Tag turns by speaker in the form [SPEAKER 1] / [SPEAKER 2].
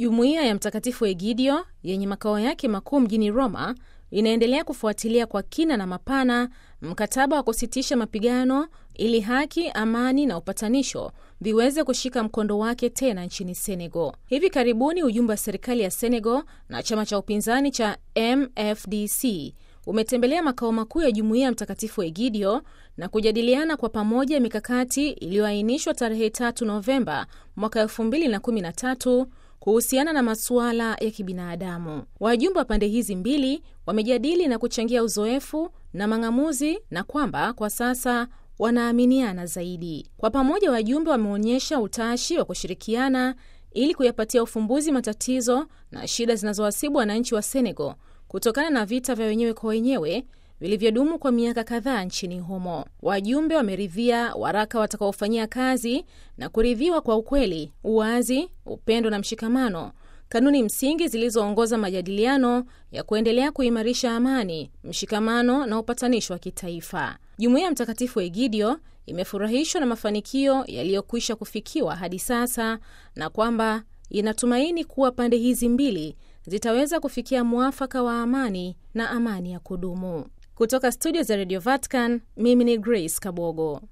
[SPEAKER 1] Jumuiya ya Mtakatifu Egidio yenye makao yake makuu mjini Roma inaendelea kufuatilia kwa kina na mapana mkataba wa kusitisha mapigano ili haki, amani na upatanisho viweze kushika mkondo wake tena nchini Senegal. Hivi karibuni ujumbe wa serikali ya Senegal na chama cha upinzani cha MFDC umetembelea makao makuu ya jumuiya ya Mtakatifu Egidio na kujadiliana kwa pamoja mikakati iliyoainishwa tarehe 3 Novemba mwaka 2013 kuhusiana na masuala ya kibinadamu. Wajumbe wa pande hizi mbili wamejadili na kuchangia uzoefu na mang'amuzi, na kwamba kwa sasa wanaaminiana zaidi. Kwa pamoja, wajumbe wameonyesha utashi wa kushirikiana ili kuyapatia ufumbuzi matatizo na shida zinazowasibu wananchi wa Senegal kutokana na vita vya wenyewe kwa wenyewe vilivyodumu kwa miaka kadhaa nchini humo. Wajumbe wameridhia waraka watakaofanyia kazi na kuridhiwa kwa ukweli, uwazi, upendo na mshikamano, kanuni msingi zilizoongoza majadiliano ya kuendelea kuimarisha amani, mshikamano na upatanisho wa kitaifa. Jumuiya ya Mtakatifu Egidio imefurahishwa na mafanikio yaliyokwisha kufikiwa hadi sasa na kwamba inatumaini kuwa pande hizi mbili zitaweza kufikia mwafaka wa amani na amani ya kudumu. Kutoka studio za Radio Vatican, mimi ni Grace Kabogo.